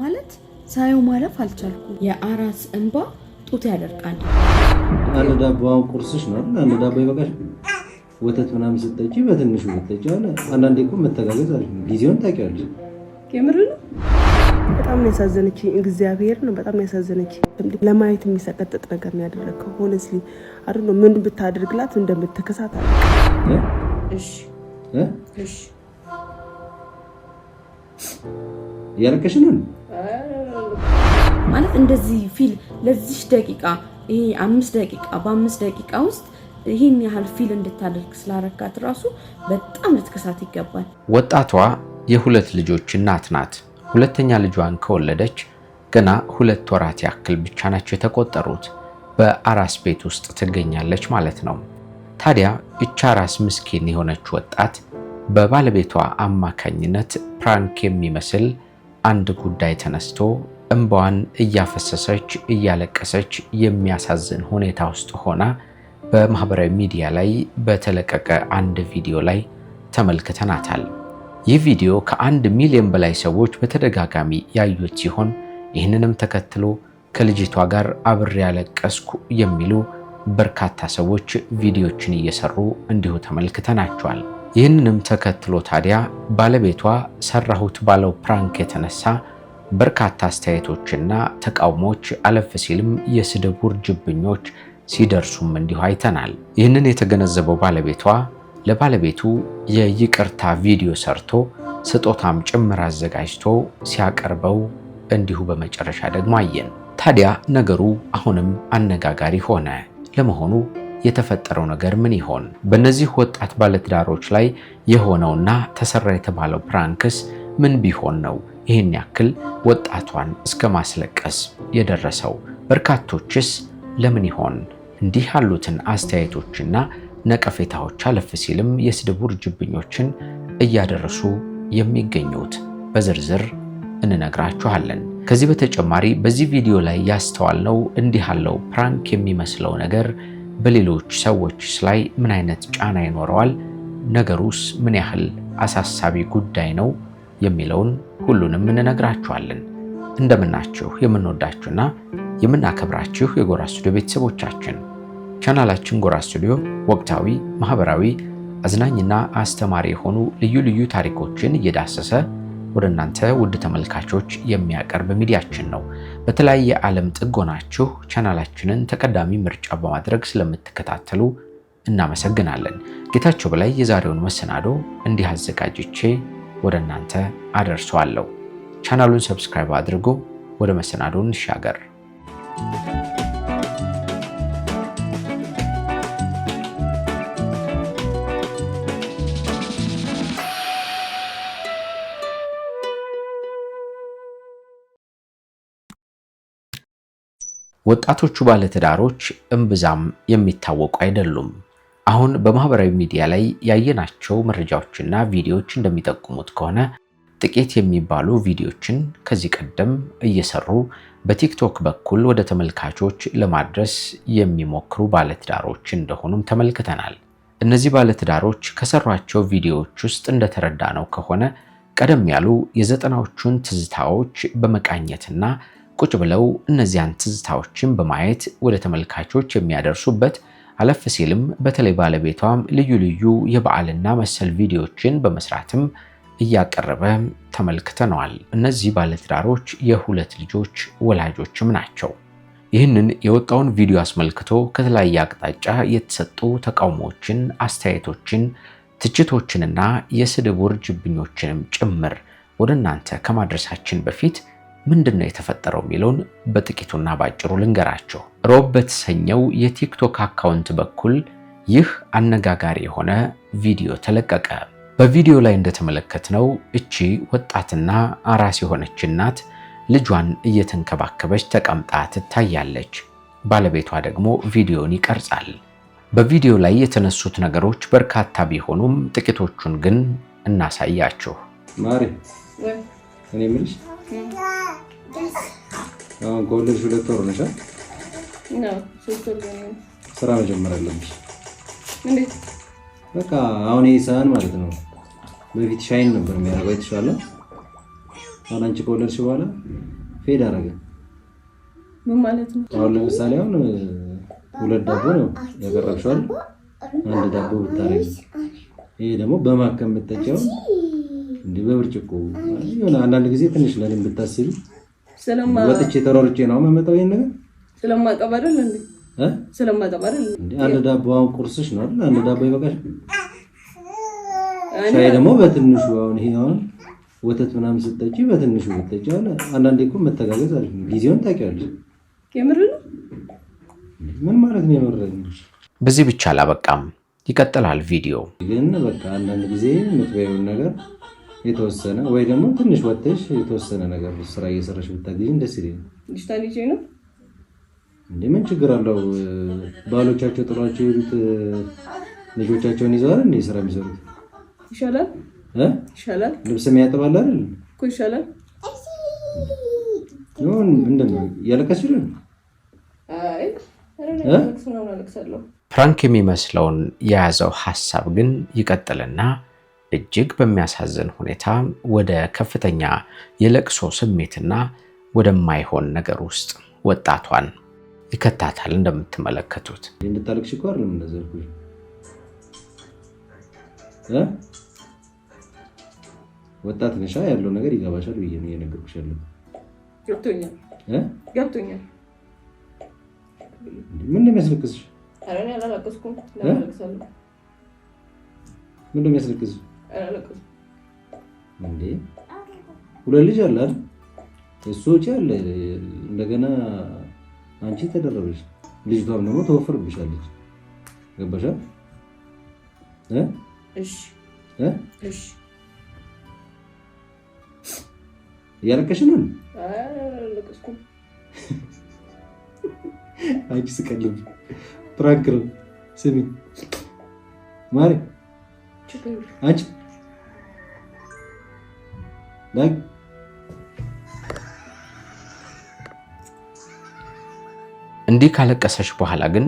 ማለት ሳየው ማለፍ አልቻልኩም። የአራስ እንባ ጡት ያደርቃል። አንድ ዳቦ አሁን ቁርስሽ ነው። አንድ ዳቦ ይበቃሽ። ወተት ምናምን ስጠጪ በትንሹ ብትጠጪ አለ። አንዳንዴ እኮ መተጋገዝ አለ። ጊዜውን ታውቂያለሽ። የምር ነው። በጣም ያሳዘነች። እግዚአብሔር ነው በጣም ያሳዘነች። ለማየት የሚሰቀጥጥ ነገር ነው ያደረግከው። ሆነስሊ አድ ነው ምን ብታደርግላት እንደምትከሳት አለ። እሺ እሺ እያለቀሽ ነው ማለት እንደዚህ ፊል ለዚህ ደቂቃ ይሄ አምስት ደቂቃ በአምስት ደቂቃ ውስጥ ይህን ያህል ፊል እንድታደርግ ስላረካት ራሱ በጣም ልትከሳት ይገባል። ወጣቷ የሁለት ልጆች እናት ናት። ሁለተኛ ልጇን ከወለደች ገና ሁለት ወራት ያክል ብቻ ናቸው የተቆጠሩት። በአራስ ቤት ውስጥ ትገኛለች ማለት ነው። ታዲያ እቻ አራስ ምስኪን የሆነች ወጣት በባለቤቷ አማካኝነት ፕራንክ የሚመስል አንድ ጉዳይ ተነስቶ እንባዋን እያፈሰሰች እያለቀሰች የሚያሳዝን ሁኔታ ውስጥ ሆና በማህበራዊ ሚዲያ ላይ በተለቀቀ አንድ ቪዲዮ ላይ ተመልክተናታል። ይህ ቪዲዮ ከአንድ ሚሊዮን በላይ ሰዎች በተደጋጋሚ ያዩት ሲሆን ይህንንም ተከትሎ ከልጅቷ ጋር አብሬ ያለቀስኩ የሚሉ በርካታ ሰዎች ቪዲዮችን እየሰሩ እንዲሁ ተመልክተናቸዋል። ይህንንም ተከትሎ ታዲያ ባለቤቷ ሰራሁት ባለው ፕራንክ የተነሳ በርካታ አስተያየቶችና ተቃውሞዎች አለፍ ሲልም የስድብ ውርጅብኞች ሲደርሱም እንዲሁ አይተናል። ይህንን የተገነዘበው ባለቤቷ ለባለቤቱ የይቅርታ ቪዲዮ ሰርቶ ስጦታም ጭምር አዘጋጅቶ ሲያቀርበው እንዲሁ በመጨረሻ ደግሞ አየን። ታዲያ ነገሩ አሁንም አነጋጋሪ ሆነ። ለመሆኑ የተፈጠረው ነገር ምን ይሆን? በእነዚህ ወጣት ባለትዳሮች ላይ የሆነውና ተሰራ የተባለው ፕራንክስ ምን ቢሆን ነው ይህን ያክል ወጣቷን እስከ ማስለቀስ የደረሰው? በርካቶችስ ለምን ይሆን? እንዲህ ያሉትን አስተያየቶችና ነቀፌታዎች አለፍ ሲልም የስድብ ውርጅብኞችን እያደረሱ የሚገኙት በዝርዝር እንነግራችኋለን። ከዚህ በተጨማሪ በዚህ ቪዲዮ ላይ ያስተዋልነው እንዲህ ያለው ፕራንክ የሚመስለው ነገር በሌሎች ሰዎችስ ላይ ምን አይነት ጫና ይኖረዋል? ነገሩስ ምን ያህል አሳሳቢ ጉዳይ ነው የሚለውን ሁሉንም እንነግራችኋለን። እንደምናችሁ የምንወዳችሁና የምናከብራችሁ የጎራ ስቱዲዮ ቤተሰቦቻችን ቻናላችን ጎራ ስቱዲዮ ወቅታዊ፣ ማህበራዊ፣ አዝናኝና አስተማሪ የሆኑ ልዩ ልዩ ታሪኮችን እየዳሰሰ ወደ እናንተ ውድ ተመልካቾች የሚያቀርብ ሚዲያችን ነው። በተለያየ የዓለም ጥግ ሆናችሁ ቻናላችንን ተቀዳሚ ምርጫ በማድረግ ስለምትከታተሉ እናመሰግናለን። ጌታቸው በላይ የዛሬውን መሰናዶ እንዲህ አዘጋጅቼ ወደ እናንተ አደርሰዋለሁ። ቻናሉን ሰብስክራይብ አድርጎ ወደ መሰናዶ እንሻገር። ወጣቶቹ ባለትዳሮች እምብዛም የሚታወቁ አይደሉም። አሁን በማህበራዊ ሚዲያ ላይ ያየናቸው መረጃዎችና ቪዲዮዎች እንደሚጠቁሙት ከሆነ ጥቂት የሚባሉ ቪዲዮዎችን ከዚህ ቀደም እየሰሩ በቲክቶክ በኩል ወደ ተመልካቾች ለማድረስ የሚሞክሩ ባለትዳሮች እንደሆኑም ተመልክተናል። እነዚህ ባለትዳሮች ከሰሯቸው ቪዲዮዎች ውስጥ እንደተረዳነው ከሆነ ቀደም ያሉ የዘጠናዎቹን ትዝታዎች በመቃኘትና ቁጭ ብለው እነዚያን ትዝታዎችን በማየት ወደ ተመልካቾች የሚያደርሱበት አለፍ ሲልም በተለይ ባለቤቷም ልዩ ልዩ የበዓልና መሰል ቪዲዮዎችን በመስራትም እያቀረበ ተመልክተነዋል። እነዚህ ባለትዳሮች የሁለት ልጆች ወላጆችም ናቸው። ይህንን የወጣውን ቪዲዮ አስመልክቶ ከተለያየ አቅጣጫ የተሰጡ ተቃውሞዎችን፣ አስተያየቶችን፣ ትችቶችንና የስድብ ውርጅብኞችንም ጭምር ወደ እናንተ ከማድረሳችን በፊት ምንድን ነው የተፈጠረው የሚለውን በጥቂቱና ባጭሩ ልንገራቸው። ሮብ በተሰኘው የቲክቶክ አካውንት በኩል ይህ አነጋጋሪ የሆነ ቪዲዮ ተለቀቀ። በቪዲዮ ላይ እንደተመለከትነው እቺ ወጣትና አራስ የሆነች እናት ልጇን እየተንከባከበች ተቀምጣ ትታያለች። ባለቤቷ ደግሞ ቪዲዮን ይቀርጻል። በቪዲዮ ላይ የተነሱት ነገሮች በርካታ ቢሆኑም ጥቂቶቹን ግን እናሳያችሁ። ማሪ እኔ የምልሽ አሁን ከወለድሽ ሁለት ወር ሆነሻል? ስራ መጀመር አለብሽ። በቃ አሁን ይሄ ሰሃን ማለት ነው። በፊት ሻይን ነበር የሚያደርገው የተሻለ። አሁን አንቺ ከወለድሽ በኋላ ፌድ አደረገ። ምን ማለት ነው? አሁን ለምሳሌ አሁን ሁለት ዳቦ ነው ያቀረብሽዋል። አንድ ዳቦ ብታረጊ፣ ይሄ ደግሞ በማከም የምትጠጪው እንዴ በብርጭቆ ይሆነ አንዳንድ ጊዜ ትንሽ ለኔ ብታስቢ ስለማ ወጥቼ ተሯርጬ ነው የምመጣው። ይሄን ነገር ስለማቀብ አይደል እንዴ እ ስለማቀብ አይደል እንዴ አንድ ዳቦ አሁን ቁርስሽ ነው አይደል? አንድ ዳቦ ይበቃሽ። ሻይ ደግሞ በትንሹ አሁን ይሄ አሁን ወተት ምናምን ስትጠጪ በትንሹ ብትጠጪ፣ አሁን አንዳንዴ እኮ መተጋገዝ አለ። ጊዜውን ታውቂዋለሽ። የምር ነው ምን ማለት ነው የምር ነው። በዚህ ብቻ አላበቃም፣ ይቀጥላል ቪዲዮ ግን በቃ አንዳንድ ጊዜ የምትበይውን ነገር የተወሰነ ወይ ደግሞ ትንሽ ወጥተሽ የተወሰነ ነገር ስራ እየሰራሽ ብታገኝ ደስ ይለኛል። ልጅታ ልጅ ነው እንዴ? ምን ችግር አለው? ባሎቻቸው ጥሏቸው የሄዱት ልጆቻቸውን ይዘዋል እንዴ? ስራ የሚሰሩት ይሻላል ይሻላል። ልብስ የሚያጥባል አይደል እኮ ይሻላል። ምንድን ነው እያለቀስሽ ነው? ፍራንክ የሚመስለውን የያዘው ሀሳብ ግን ይቀጥልና እጅግ በሚያሳዝን ሁኔታ ወደ ከፍተኛ የለቅሶ ስሜትና ወደማይሆን ነገር ውስጥ ወጣቷን ይከታታል። እንደምትመለከቱት ወጣት ነሻ ያለው ነገር ይገባሻል ብዬ ነው የነገርኩሽ። ገብቶኛል ገብቶኛል ምን እንደሚያስለቅስሽ? ምን እንዴ ሁለት ልጅ አለ እሱ ወጪ አለ። እንደገና አንቺ ተደረበች ልጅቷም ደግሞ ተወፍርብሻለች። ገባሻ? እሺ እሺ። እያለቀሽ ነው? አንቺ ስቀልብ ፕራንክ ነው። ስሚ ማሪ አንቺ Lan. እንዲህ ካለቀሰች በኋላ ግን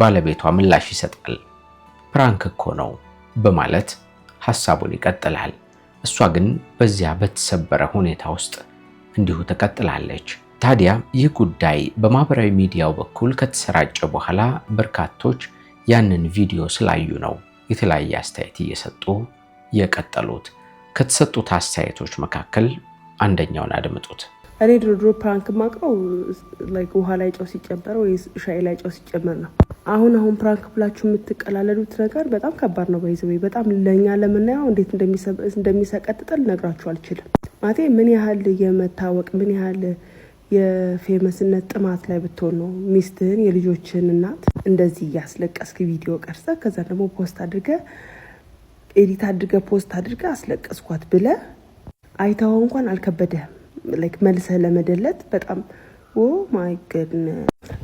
ባለቤቷ ምላሽ ይሰጣል። ፕራንክ እኮ ነው በማለት ሐሳቡን ይቀጥላል። እሷ ግን በዚያ በተሰበረ ሁኔታ ውስጥ እንዲሁ ትቀጥላለች። ታዲያ ይህ ጉዳይ በማህበራዊ ሚዲያው በኩል ከተሰራጨ በኋላ በርካቶች ያንን ቪዲዮ ስላዩ ነው የተለያየ አስተያየት እየሰጡ የቀጠሉት። ከተሰጡት አስተያየቶች መካከል አንደኛውን አድምጡት። እኔ ድሮድሮ ፕራንክ ማቅረው ውሃ ላይ ጨው ሲጨመር ወይ ሻይ ላይ ጨው ሲጨመር ነው። አሁን አሁን ፕራንክ ብላችሁ የምትቀላለሉት ነገር በጣም ከባድ ነው። ባይዘ በጣም ለእኛ ለምናየው እንዴት እንደሚሰቀጥጠል ነግራችሁ አልችልም። ማቴ ምን ያህል የመታወቅ ምን ያህል የፌመስነት ጥማት ላይ ብትሆን ነው ሚስትህን የልጆችህን እናት እንደዚህ እያስለቀስክ ቪዲዮ ቀርጸ ከዛ ደግሞ ፖስት አድርገ ኤዲት አድርገ ፖስት አድርገ አስለቀስኳት ብለ አይተው እንኳን አልከበደህም። መልሰ ለመደለት በጣም ኦ ማይ ገድነ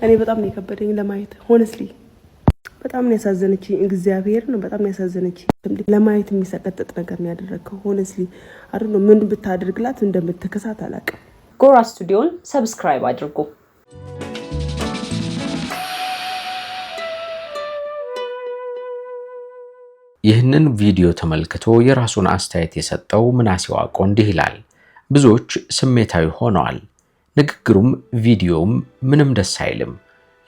እኔ በጣም ነው የከበደኝ ለማየት ሆነስሊ፣ በጣም ነው ያሳዘነች። እግዚአብሔር ነው በጣም ያሳዘነች። ለማየት የሚሰቀጥጥ ነገር ነው ያደረግከው። ሆነስሊ ነው ምን ብታደርግላት እንደምትከሳት አላውቅም። ጎራ ስቱዲዮን ሰብስክራይብ አድርጉ። ይህንን ቪዲዮ ተመልክቶ የራሱን አስተያየት የሰጠው ምናሴ ዋቆ እንዲህ ይላል። ብዙዎች ስሜታዊ ሆነዋል። ንግግሩም ቪዲዮውም ምንም ደስ አይልም።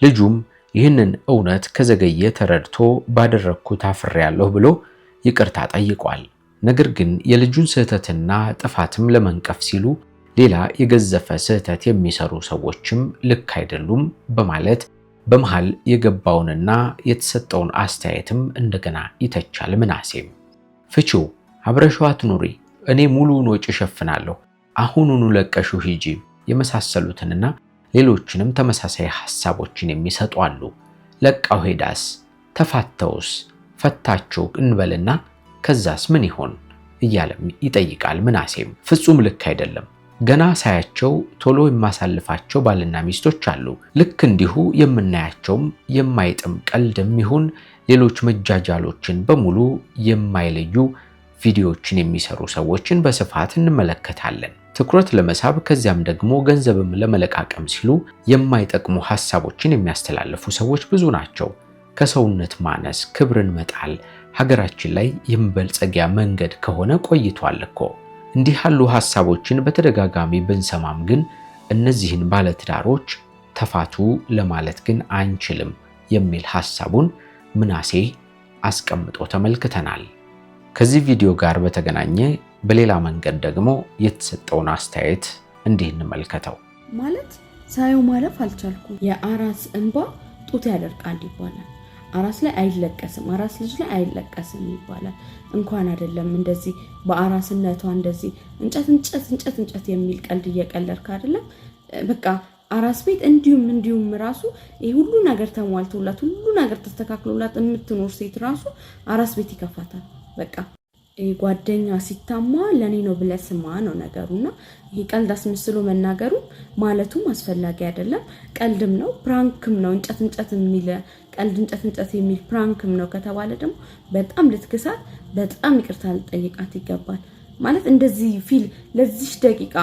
ልጁም ይህንን እውነት ከዘገየ ተረድቶ ባደረግኩት አፍሬያለሁ ብሎ ይቅርታ ጠይቋል። ነገር ግን የልጁን ስህተትና ጥፋትም ለመንቀፍ ሲሉ ሌላ የገዘፈ ስህተት የሚሰሩ ሰዎችም ልክ አይደሉም በማለት በመሃል የገባውንና የተሰጠውን አስተያየትም እንደገና ይተቻል። ምናሴም ፍቺው አብረሽዋ ትኑሪ፣ እኔ ሙሉውን ወጪ እሸፍናለሁ፣ አሁኑኑ ለቀሹ ሂጂ የመሳሰሉትንና ሌሎችንም ተመሳሳይ ሐሳቦችን የሚሰጡ አሉ። ለቃው ሄዳስ ተፋተውስ ፈታቸው እንበልና ከዛስ ምን ይሆን እያለም ይጠይቃል። ምናሴም ፍጹም ልክ አይደለም ገና ሳያቸው ቶሎ የማሳልፋቸው ባልና ሚስቶች አሉ። ልክ እንዲሁ የምናያቸውም የማይጥም ቀልድም ይሁን ሌሎች መጃጃሎችን በሙሉ የማይለዩ ቪዲዮዎችን የሚሰሩ ሰዎችን በስፋት እንመለከታለን። ትኩረት ለመሳብ ከዚያም ደግሞ ገንዘብም ለመለቃቀም ሲሉ የማይጠቅሙ ሀሳቦችን የሚያስተላልፉ ሰዎች ብዙ ናቸው። ከሰውነት ማነስ ክብርን መጣል ሀገራችን ላይ የመበልጸጊያ መንገድ ከሆነ ቆይቷል እኮ። እንዲህ ያሉ ሐሳቦችን በተደጋጋሚ ብንሰማም ግን እነዚህን ባለትዳሮች ተፋቱ ለማለት ግን አንችልም የሚል ሐሳቡን ምናሴ አስቀምጦ ተመልክተናል። ከዚህ ቪዲዮ ጋር በተገናኘ በሌላ መንገድ ደግሞ የተሰጠውን አስተያየት እንዲህ እንመልከተው። ማለት ሳየው ማለፍ አልቻልኩም፣ የአራስ እንባ ጡት ያደርቃል ይባላል። አራስ ላይ አይለቀስም፣ አራስ ልጅ ላይ አይለቀስም ይባላል። እንኳን አይደለም እንደዚህ በአራስነቷ እንደዚህ እንጨት እንጨት እንጨት እንጨት የሚል ቀልድ እየቀለድክ አይደለም በቃ አራስ ቤት እንዲሁም እንዲሁም ራሱ ይህ ሁሉ ነገር ተሟልቶላት ሁሉ ነገር ተስተካክሎላት የምትኖር ሴት ራሱ አራስ ቤት ይከፋታል በቃ ጓደኛ ሲታማ ለእኔ ነው ብለህ ስማ ነው ነገሩ። ነገሩና፣ ይሄ ቀልድ አስመስሎ መናገሩ ማለቱም አስፈላጊ አይደለም። ቀልድም ነው ፕራንክም ነው እንጨት እንጨት የሚል ቀልድ እንጨት እንጨት የሚል ፕራንክም ነው ከተባለ ደግሞ በጣም ልትክሳት፣ በጣም ይቅርታ ልጠይቃት ይገባል። ማለት እንደዚህ ፊል ለዚሽ ደቂቃ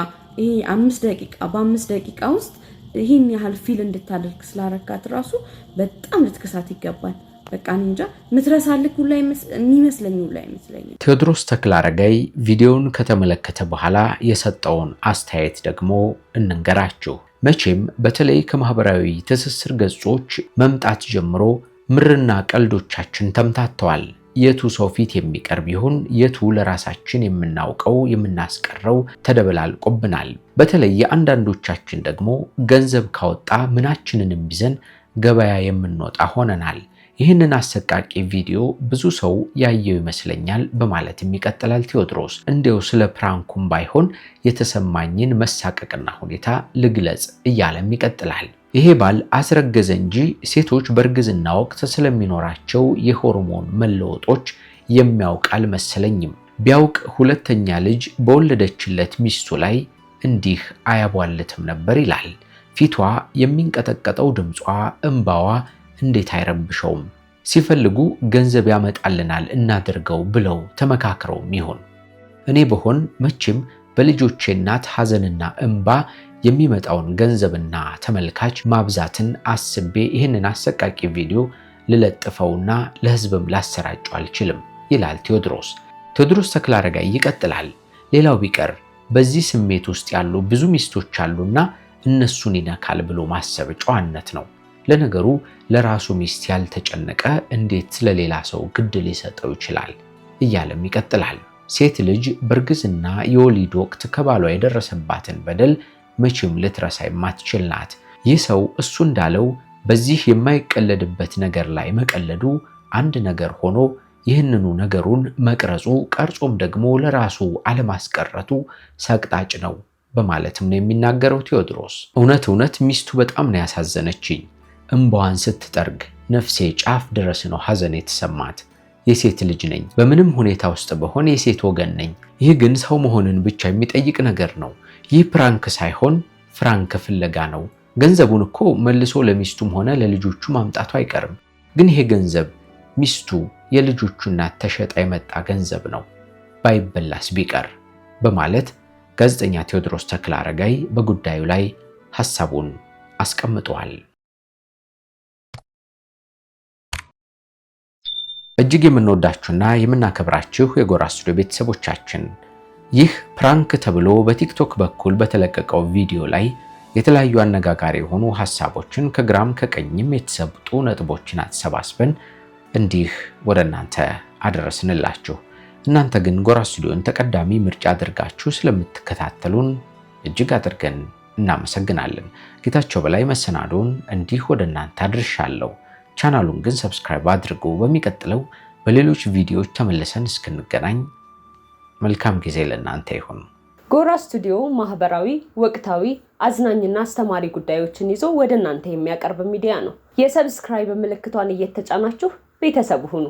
ይሄ አምስት ደቂቃ በአምስት ደቂቃ ውስጥ ይህን ያህል ፊል እንድታደርግ ስላረካት ራሱ በጣም ልትክሳት ይገባል። በቃ እንጃ ምትረሳልክ ሁላ የሚመስለኝ ሁላ አይመስለኝም። ቴዎድሮስ ተክለአረጋይ ቪዲዮውን ከተመለከተ በኋላ የሰጠውን አስተያየት ደግሞ እንንገራችሁ። መቼም በተለይ ከማህበራዊ ትስስር ገጾች መምጣት ጀምሮ ምርና ቀልዶቻችን ተምታተዋል። የቱ ሰው ፊት የሚቀርብ ይሁን የቱ ለራሳችን የምናውቀው የምናስቀረው ተደበላልቆብናል። በተለይ የአንዳንዶቻችን ደግሞ ገንዘብ ካወጣ ምናችንንም ይዘን ገበያ የምንወጣ ሆነናል። ይህንን አሰቃቂ ቪዲዮ ብዙ ሰው ያየው ይመስለኛል በማለትም ይቀጥላል ቴዎድሮስ። እንዲው ስለ ፕራንኩም ባይሆን የተሰማኝን መሳቀቅና ሁኔታ ልግለጽ እያለም ይቀጥላል። ይሄ ባል አስረገዘ እንጂ ሴቶች በእርግዝና ወቅት ስለሚኖራቸው የሆርሞን መለወጦች የሚያውቅ አልመሰለኝም። ቢያውቅ ሁለተኛ ልጅ በወለደችለት ሚስቱ ላይ እንዲህ አያቧልትም ነበር ይላል። ፊቷ የሚንቀጠቀጠው ድምጿ፣ እንባዋ እንዴት አይረብሸውም? ሲፈልጉ ገንዘብ ያመጣልናል እናድርገው ብለው ተመካክረውም ይሆን? እኔ በሆን መቼም በልጆቼ እናት ሐዘንና እምባ የሚመጣውን ገንዘብና ተመልካች ማብዛትን አስቤ ይህንን አሰቃቂ ቪዲዮ ልለጥፈውና ለሕዝብም ላሰራጩ አልችልም ይላል ቴዎድሮስ። ቴዎድሮስ አረጋይ ይቀጥላል። ሌላው ቢቀር በዚህ ስሜት ውስጥ ያሉ ብዙ ሚስቶች አሉና እነሱን ይነካል ብሎ ማሰብ ጨዋነት ነው። ለነገሩ ለራሱ ሚስት ያልተጨነቀ እንዴት ስለሌላ ሰው ግድ ሊሰጠው ይችላል? እያለም ይቀጥላል። ሴት ልጅ በእርግዝና የወሊድ ወቅት ከባሏ የደረሰባትን በደል መቼም ልትረሳ የማትችል ናት። ይህ ሰው እሱ እንዳለው በዚህ የማይቀለድበት ነገር ላይ መቀለዱ አንድ ነገር ሆኖ ይህንኑ ነገሩን መቅረጹ ቀርጾም ደግሞ ለራሱ አለማስቀረቱ ሰቅጣጭ ነው በማለትም ነው የሚናገረው ቴዎድሮስ። እውነት እውነት ሚስቱ በጣም ነው ያሳዘነችኝ እምባዋን ስትጠርግ ነፍሴ ጫፍ ድረስ ነው ሐዘን የተሰማት። የሴት ልጅ ነኝ፣ በምንም ሁኔታ ውስጥ በሆነ የሴት ወገን ነኝ። ይህ ግን ሰው መሆንን ብቻ የሚጠይቅ ነገር ነው። ይህ ፕራንክ ሳይሆን ፍራንክ ፍለጋ ነው። ገንዘቡን እኮ መልሶ ለሚስቱም ሆነ ለልጆቹ ማምጣቱ አይቀርም። ግን ይሄ ገንዘብ ሚስቱ የልጆቹ እናት ተሸጣ የመጣ ገንዘብ ነው ባይበላስ ቢቀር በማለት ጋዜጠኛ ቴዎድሮስ ተክለ አረጋይ በጉዳዩ ላይ ሐሳቡን አስቀምጠዋል። እጅግ የምንወዳችሁና የምናከብራችሁ የጎራ ስቱዲዮ ቤተሰቦቻችን ይህ ፕራንክ ተብሎ በቲክቶክ በኩል በተለቀቀው ቪዲዮ ላይ የተለያዩ አነጋጋሪ የሆኑ ሀሳቦችን ከግራም ከቀኝም የተሰጡ ነጥቦችን አሰባስበን እንዲህ ወደ እናንተ አደረስንላችሁ። እናንተ ግን ጎራ ስቱዲዮን ተቀዳሚ ምርጫ አድርጋችሁ ስለምትከታተሉን እጅግ አድርገን እናመሰግናለን። ጌታቸው በላይ መሰናዶን እንዲህ ወደ እናንተ አድርሻለሁ። ቻናሉን ግን ሰብስክራይብ አድርጉ። በሚቀጥለው በሌሎች ቪዲዮዎች ተመልሰን እስክንገናኝ መልካም ጊዜ ለእናንተ ይሁን። ጎራ ስቱዲዮ ማህበራዊ፣ ወቅታዊ፣ አዝናኝና አስተማሪ ጉዳዮችን ይዞ ወደ እናንተ የሚያቀርብ ሚዲያ ነው። የሰብስክራይብ ምልክቷን እየተጫናችሁ ቤተሰብ ሁኑ።